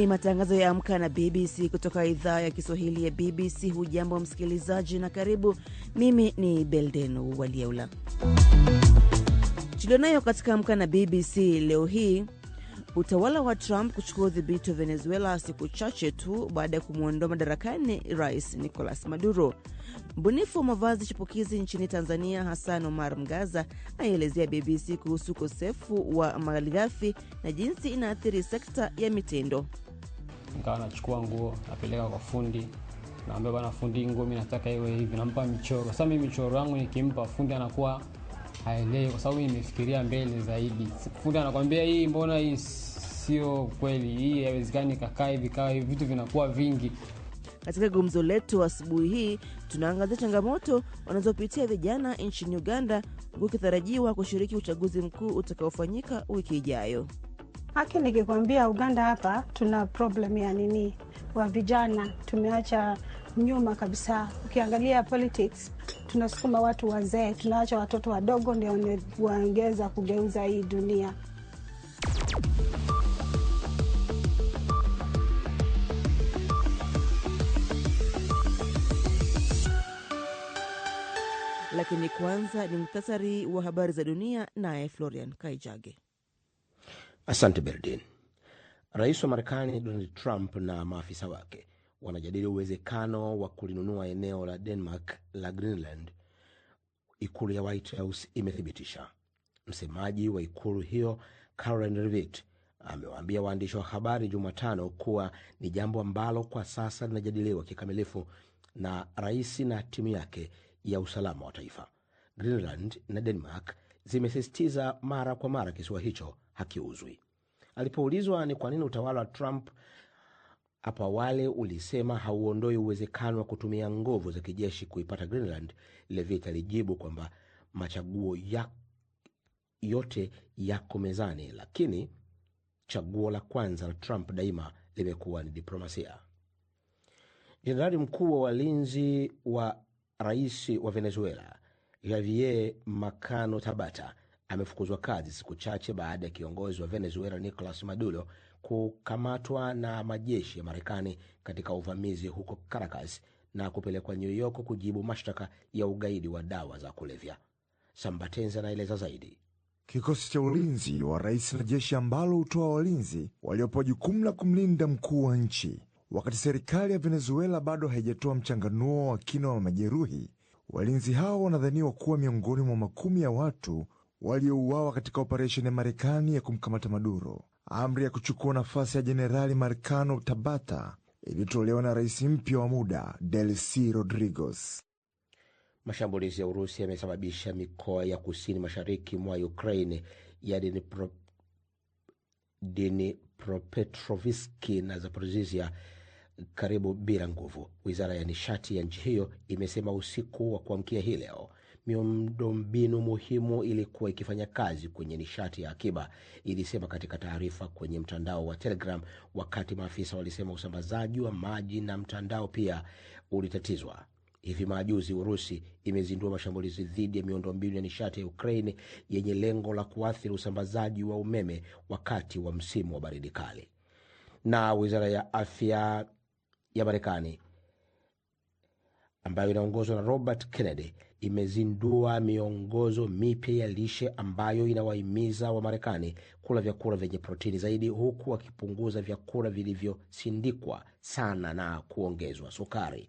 ni matangazo ya Amka na BBC kutoka idhaa ya Kiswahili ya BBC. Hujambo msikilizaji na karibu. Mimi ni Belden Walieula. Tulionayo katika Amka na BBC leo hii: utawala wa Trump kuchukua udhibiti wa Venezuela siku chache tu baada ya kumwondoa madarakani Rais Nicolas Maduro. Mbunifu wa mavazi chipukizi nchini Tanzania Hassan Omar Mgaza aielezea BBC kuhusu ukosefu wa malighafi na jinsi inaathiri sekta ya mitindo nikawa nachukua nguo napeleka kwa fundi naambia bana fundi nguo mi nataka iwe hivi nampa michoro sasa mi michoro yangu nikimpa fundi anakuwa haelewi kwa sababu nimefikiria mbele zaidi fundi anakwambia hii mbona hii sio kweli hii haiwezekani kakaa hivi kaa hivi vitu vinakuwa vingi katika gumzo letu asubuhi hii tunaangazia changamoto wanazopitia vijana nchini uganda huku ikitarajiwa kushiriki uchaguzi mkuu utakaofanyika wiki ijayo Haki nikikwambia, Uganda hapa tuna problem ya nini, wa vijana tumeacha nyuma kabisa. Ukiangalia politics, tunasukuma watu wazee, tunaacha watoto wadogo ndio waongeza kugeuza hii dunia. Lakini kwanza ni muhtasari wa habari za dunia, naye Florian Kaijage. Asante Berdin. Rais wa Marekani Donald Trump na maafisa wake wanajadili uwezekano wa kulinunua eneo la Denmark la Greenland, ikulu ya White House imethibitisha. Msemaji wa ikulu hiyo Karen Rivit amewaambia waandishi wa habari Jumatano kuwa ni jambo ambalo kwa sasa linajadiliwa kikamilifu na rais na timu yake ya usalama wa taifa. Greenland na Denmark zimesisitiza mara kwa mara kisiwa hicho hakiuzwi. Alipoulizwa ni kwa nini utawala wa Trump hapo awali ulisema hauondoi uwezekano wa kutumia nguvu za kijeshi kuipata Greenland, Leavitt alijibu kwamba machaguo ya yote yako mezani, lakini chaguo la kwanza la Trump daima limekuwa ni diplomasia. Jenerali mkuu wa walinzi wa rais wa Venezuela Javier Makano Tabata amefukuzwa kazi siku chache baada ya kiongozi wa Venezuela Nicolas Maduro kukamatwa na majeshi ya Marekani katika uvamizi huko Caracas na kupelekwa New York kujibu mashtaka ya ugaidi wa dawa za kulevya. Sambatenzi anaeleza zaidi. Kikosi cha ulinzi wa rais na jeshi ambalo hutoa walinzi waliopewa jukumu la kumlinda mkuu wa nchi. Wakati serikali ya Venezuela bado haijatoa mchanganuo wa kina wa majeruhi, walinzi hao wanadhaniwa kuwa miongoni mwa makumi ya watu waliouawa katika operesheni ya Marekani ya kumkamata Maduro. Amri ya kuchukua nafasi ya Jenerali Marcano Tabata iliyotolewa na rais mpya wa muda Delcy Rodriguez. Mashambulizi ya Urusi yamesababisha mikoa ya kusini mashariki mwa Ukraine ya Dnipropetrovski na Zaporizhia karibu bila nguvu. Wizara ya nishati ya nchi hiyo imesema usiku wa kuamkia hii leo miundombinu muhimu ilikuwa ikifanya kazi kwenye nishati ya akiba, ilisema katika taarifa kwenye mtandao wa Telegram, wakati maafisa walisema usambazaji wa maji na mtandao pia ulitatizwa. Hivi majuzi Urusi imezindua mashambulizi dhidi ya miundombinu ya nishati ya Ukraini yenye lengo la kuathiri usambazaji wa umeme wakati wa msimu wa baridi kali. Na wizara ya afya ya Marekani ambayo inaongozwa na Robert Kennedy imezindua miongozo mipya ya lishe ambayo inawahimiza Wamarekani kula vyakula vyenye protini zaidi huku wakipunguza vyakula vilivyosindikwa sana na kuongezwa sukari.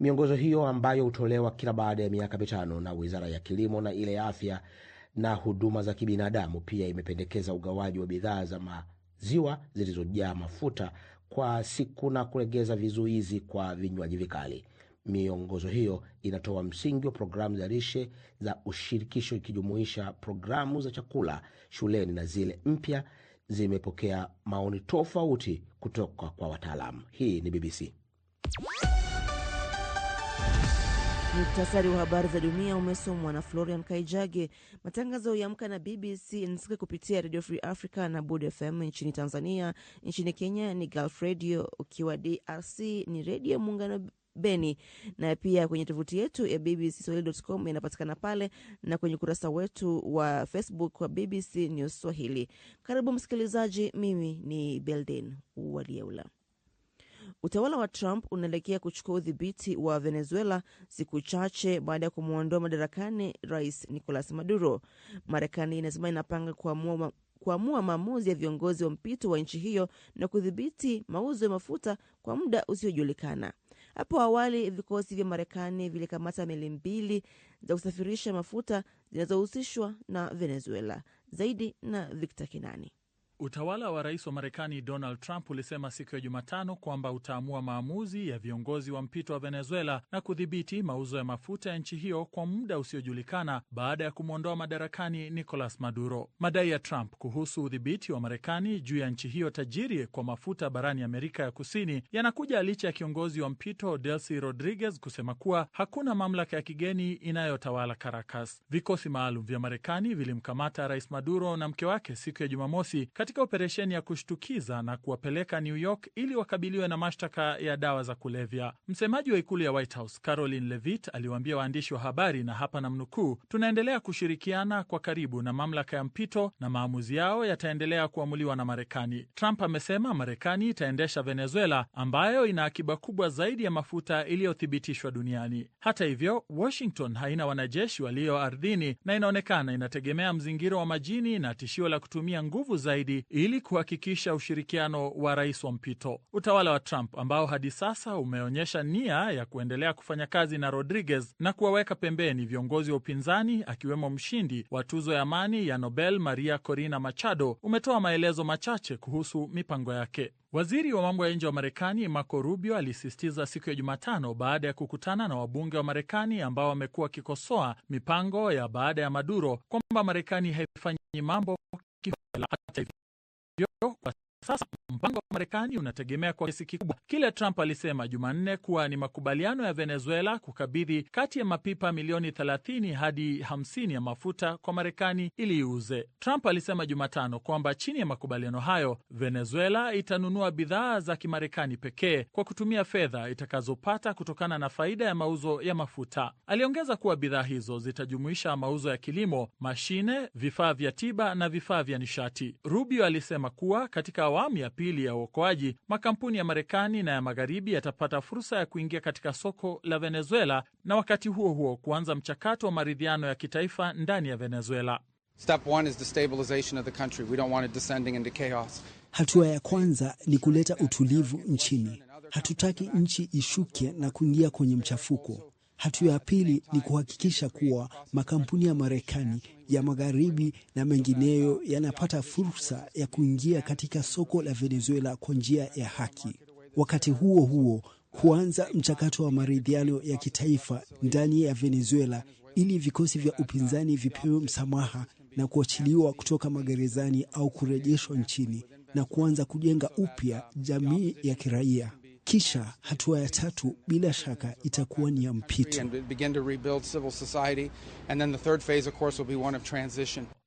Miongozo hiyo ambayo hutolewa kila baada ya miaka mitano na Wizara ya Kilimo na ile Afya na Huduma za Kibinadamu pia imependekeza ugawaji wa bidhaa za maziwa zilizojaa mafuta kwa siku na kulegeza vizuizi kwa vinywaji vikali. Miongozo hiyo inatoa msingi wa programu za lishe za ushirikisho ikijumuisha programu za chakula shuleni na zile mpya zimepokea maoni tofauti kutoka kwa wataalamu. Hii ni BBC. Muktasari wa habari za dunia umesomwa na Florian Kaijage. Matangazo yamka na BBC yanasikika kupitia Radio Free Africa na bod FM nchini Tanzania. Nchini Kenya ni Gulf Radio, ukiwa DRC ni redio Muungano Beni, na pia kwenye tovuti yetu ya bbcswahili.com inapatikana pale na kwenye ukurasa wetu wa Facebook wa BBC News Swahili. Karibu msikilizaji, mimi ni Belden Walieula. Utawala wa Trump unaelekea kuchukua udhibiti wa Venezuela siku chache baada ya kumwondoa madarakani rais Nicolas Maduro. Marekani inasema inapanga kuamua kuamua maamuzi ya viongozi wa mpito wa nchi hiyo na kudhibiti mauzo ya mafuta kwa muda usiojulikana. Hapo awali vikosi vya Marekani vilikamata meli mbili za kusafirisha mafuta zinazohusishwa na Venezuela. Zaidi na Victor Kinani. Utawala wa rais wa Marekani Donald Trump ulisema siku ya Jumatano kwamba utaamua maamuzi ya viongozi wa mpito wa Venezuela na kudhibiti mauzo ya mafuta ya nchi hiyo kwa muda usiojulikana baada ya kumwondoa madarakani Nicolas Maduro. Madai ya Trump kuhusu udhibiti wa Marekani juu ya nchi hiyo tajiri kwa mafuta barani Amerika ya Kusini yanakuja licha ya kiongozi wa mpito Delcy Rodriguez kusema kuwa hakuna mamlaka ya kigeni inayotawala Caracas. Vikosi maalum vya Marekani vilimkamata Rais Maduro na mke wake siku ya Jumamosi katika operesheni ya kushtukiza na kuwapeleka New York ili wakabiliwe na mashtaka ya dawa za kulevya. Msemaji wa ikulu ya White House Caroline Levitt aliwaambia waandishi wa habari, na hapa namnukuu, tunaendelea kushirikiana kwa karibu na mamlaka ya mpito na maamuzi yao yataendelea kuamuliwa na Marekani. Trump amesema Marekani itaendesha Venezuela ambayo ina akiba kubwa zaidi ya mafuta iliyothibitishwa duniani. Hata hivyo, Washington haina wanajeshi walio ardhini na inaonekana inategemea mzingiro wa majini na tishio la kutumia nguvu zaidi ili kuhakikisha ushirikiano wa rais wa mpito. Utawala wa Trump ambao hadi sasa umeonyesha nia ya kuendelea kufanya kazi na Rodriguez na kuwaweka pembeni viongozi wa upinzani akiwemo mshindi wa tuzo ya amani ya Nobel Maria Corina Machado umetoa maelezo machache kuhusu mipango yake. Waziri wa mambo ya nje wa Marekani Marco Rubio alisisitiza siku ya Jumatano baada ya kukutana na wabunge wa Marekani ambao wamekuwa wakikosoa mipango ya baada ya Maduro kwamba Marekani haifanyi mambo kifela. Hata yo Sasa mpango wa Marekani unategemea kwa kiasi kikubwa kile Trump alisema Jumanne kuwa ni makubaliano ya Venezuela kukabidhi kati ya mapipa milioni 30 hadi 50 ya mafuta kwa Marekani ili iuze. Trump alisema Jumatano kwamba chini ya makubaliano hayo, Venezuela itanunua bidhaa za Kimarekani pekee kwa kutumia fedha itakazopata kutokana na faida ya mauzo ya mafuta. Aliongeza kuwa bidhaa hizo zitajumuisha mauzo ya kilimo, mashine, vifaa vya tiba na vifaa vya nishati. Rubio alisema kuwa katika awamu ya pili ya uokoaji, makampuni ya Marekani na ya Magharibi yatapata fursa ya kuingia katika soko la Venezuela na wakati huo huo kuanza mchakato wa maridhiano ya kitaifa ndani ya Venezuela. Step one is the stabilization of the country. We don't want it descending into chaos. Hatua ya kwanza ni kuleta utulivu nchini. Hatutaki nchi ishuke na kuingia kwenye mchafuko. Hatua ya pili ni kuhakikisha kuwa makampuni ya Marekani ya magharibi na mengineyo yanapata fursa ya kuingia katika soko la Venezuela kwa njia ya haki. Wakati huo huo, kuanza mchakato wa maridhiano ya kitaifa ndani ya Venezuela ili vikosi vya upinzani vipewe msamaha na kuachiliwa kutoka magerezani au kurejeshwa nchini na kuanza kujenga upya jamii ya kiraia. Kisha hatua ya tatu bila shaka itakuwa ni ya mpito.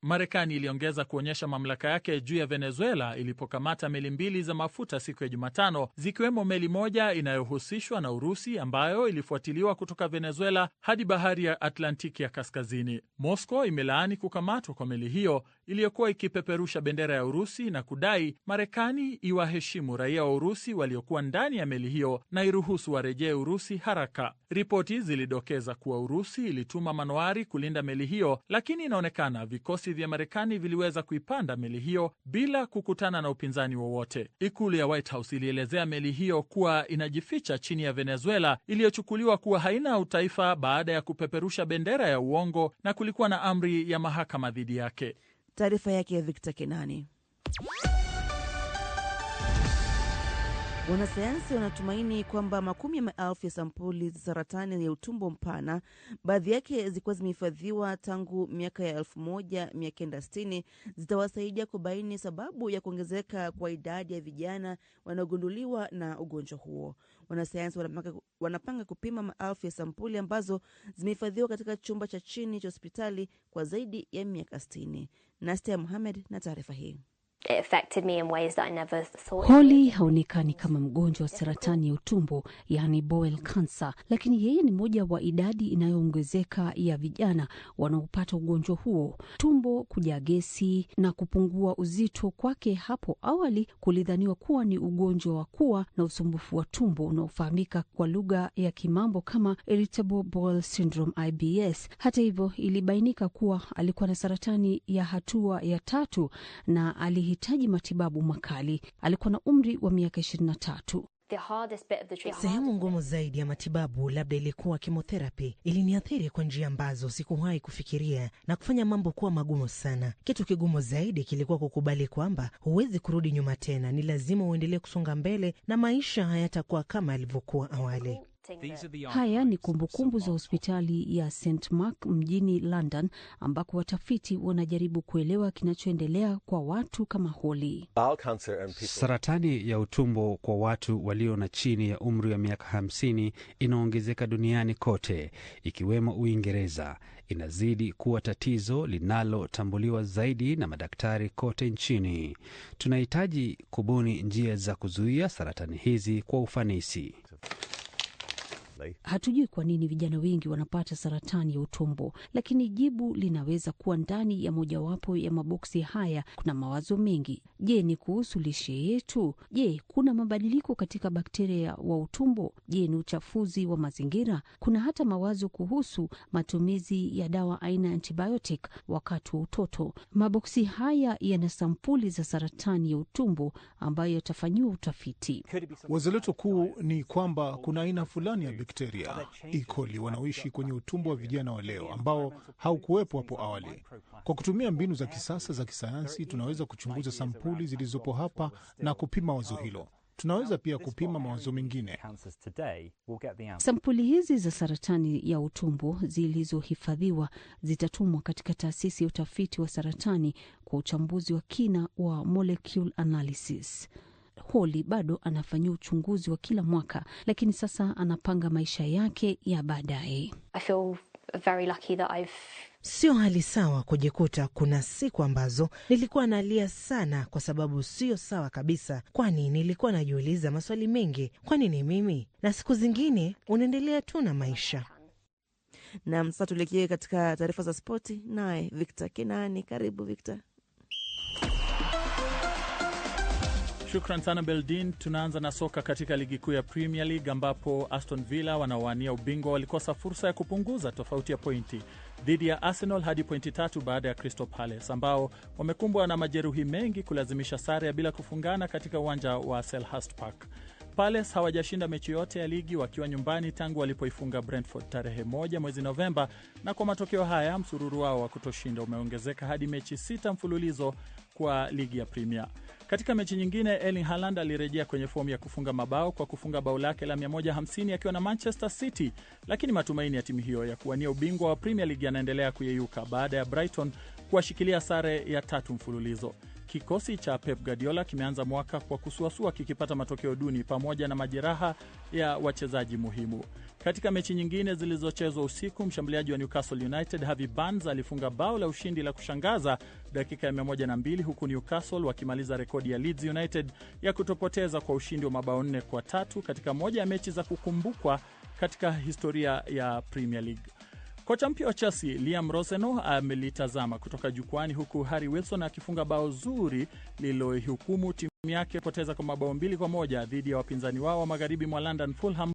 Marekani iliongeza kuonyesha mamlaka yake juu ya Venezuela ilipokamata meli mbili za mafuta siku ya Jumatano, zikiwemo meli moja inayohusishwa na Urusi ambayo ilifuatiliwa kutoka Venezuela hadi bahari ya Atlantiki ya Kaskazini. Moscow imelaani kukamatwa kwa meli hiyo iliyokuwa ikipeperusha bendera ya Urusi na kudai Marekani iwaheshimu raia wa Urusi waliokuwa ndani ya meli hiyo na iruhusu warejee Urusi haraka. Ripoti zilidokeza kuwa Urusi ilituma manowari kulinda meli hiyo, lakini inaonekana vikosi vikosi vya Marekani viliweza kuipanda meli hiyo bila kukutana na upinzani wowote. Ikulu ya White House ilielezea meli hiyo kuwa inajificha chini ya Venezuela iliyochukuliwa kuwa haina utaifa baada ya kupeperusha bendera ya uongo na kulikuwa na amri ya mahakama dhidi yake. Taarifa yake ya Victor Kenani. Wanasayansi wanatumaini kwamba makumi ya maelfu ya sampuli za saratani ya utumbo mpana, baadhi yake zilikuwa zimehifadhiwa tangu miaka ya 1960 zitawasaidia kubaini sababu ya kuongezeka kwa idadi ya vijana wanaogunduliwa na ugonjwa huo. Wanasayansi wanapanga, wanapanga kupima maelfu ya sampuli ambazo zimehifadhiwa katika chumba cha chini cha hospitali kwa zaidi ya miaka 60. Nastia Muhamed na taarifa hii. Holly haonekani kama mgonjwa wa saratani ya utumbo yani bowel cancer, lakini yeye ni moja wa idadi inayoongezeka ya vijana wanaopata ugonjwa huo. Tumbo kujaa gesi na kupungua uzito kwake hapo awali kulidhaniwa kuwa ni ugonjwa wa kuwa na usumbufu wa tumbo unaofahamika kwa lugha ya Kimambo kama irritable bowel syndrome IBS. Hata hivyo, ilibainika kuwa alikuwa na saratani ya hatua ya tatu na ali alihitaji matibabu makali. Alikuwa na umri wa miaka tatu. Sehemu ngumu zaidi ya matibabu labda ilikuwa kimotherapi. Iliniathiri kwa njia ambazo sikuwahi kufikiria na kufanya mambo kuwa magumu sana. Kitu kigumu zaidi kilikuwa kukubali kwamba huwezi kurudi nyuma tena, ni lazima uendelee kusonga mbele na maisha hayatakuwa kama yalivyokuwa awali. Haya ni kumbukumbu za hospitali ya St Mark mjini London, ambako watafiti wanajaribu kuelewa kinachoendelea kwa watu kama Holi. Saratani ya utumbo kwa watu walio na chini ya umri wa miaka 50 inaongezeka duniani kote, ikiwemo Uingereza. Inazidi kuwa tatizo linalotambuliwa zaidi na madaktari kote nchini. Tunahitaji kubuni njia za kuzuia saratani hizi kwa ufanisi. Hatujui kwa nini vijana wengi wanapata saratani ya utumbo, lakini jibu linaweza kuwa ndani ya mojawapo ya maboksi haya. Kuna mawazo mengi. Je, ni kuhusu lishe yetu? Je, kuna mabadiliko katika bakteria wa utumbo? Je, ni uchafuzi wa mazingira? Kuna hata mawazo kuhusu matumizi ya dawa aina ya antibiotic wakati wa utoto. Maboksi haya yana sampuli za saratani ya utumbo ambayo yatafanyiwa utafiti. Wazo letu kuu ni kwamba kuna aina fulani ya bakteria E. coli wanaoishi kwenye utumbo wa vijana wa leo ambao haukuwepo hapo awali. Kwa kutumia mbinu za kisasa za kisayansi, tunaweza kuchunguza sampuli zilizopo hapa na kupima wazo hilo. Tunaweza pia kupima mawazo mengine. Sampuli hizi za saratani ya utumbo zilizohifadhiwa zitatumwa katika taasisi ya utafiti wa saratani kwa uchambuzi wa kina wa molecule analysis. Poli bado anafanyia uchunguzi wa kila mwaka, lakini sasa anapanga maisha yake ya baadaye. Sio hali sawa kujikuta kuna siku ambazo nilikuwa nalia sana, kwa sababu sio sawa kabisa, kwani nilikuwa najiuliza maswali mengi, kwa nini mimi? Na siku zingine unaendelea tu na maisha. Nam, sasa katika taarifa za spoti, naye Victor Kinani. Karibu Victor. Shukran sana Beldin. Tunaanza na soka katika ligi kuu ya Premier League ambapo Aston Villa wanaowania ubingwa walikosa fursa ya kupunguza tofauti ya pointi dhidi ya Arsenal hadi pointi tatu baada ya Crystal Palace ambao wamekumbwa na majeruhi mengi kulazimisha sare ya bila kufungana katika uwanja wa Selhurst Park. Palace hawajashinda mechi yote ya ligi wakiwa nyumbani tangu walipoifunga Brentford tarehe moja mwezi Novemba, na kwa matokeo haya msururu wao wa kutoshinda umeongezeka hadi mechi sita mfululizo kwa ligi ya Premier. Katika mechi nyingine, Erling Haaland alirejea kwenye fomu ya kufunga mabao kwa kufunga bao lake la 150 akiwa na Manchester City, lakini matumaini ya timu hiyo ya kuwania ubingwa wa Premier League yanaendelea kuyeyuka baada ya Brighton kuwashikilia sare ya tatu mfululizo. Kikosi cha Pep Guardiola kimeanza mwaka kwa kusuasua kikipata matokeo duni pamoja na majeraha ya wachezaji muhimu. Katika mechi nyingine zilizochezwa usiku, mshambuliaji wa Newcastle United Harvey Barnes alifunga bao la ushindi la kushangaza dakika ya 102 huku Newcastle wakimaliza rekodi ya Leeds United ya kutopoteza kwa ushindi wa mabao nne kwa tatu katika moja ya mechi za kukumbukwa katika historia ya Premier League. Kocha mpya wa Chelsea Liam Roseno amelitazama kutoka jukwani, huku Harry Wilson akifunga bao zuri lililohukumu timu yake poteza kwa mabao mbili kwa moja dhidi ya wapinzani wao wa magharibi mwa London, Fulham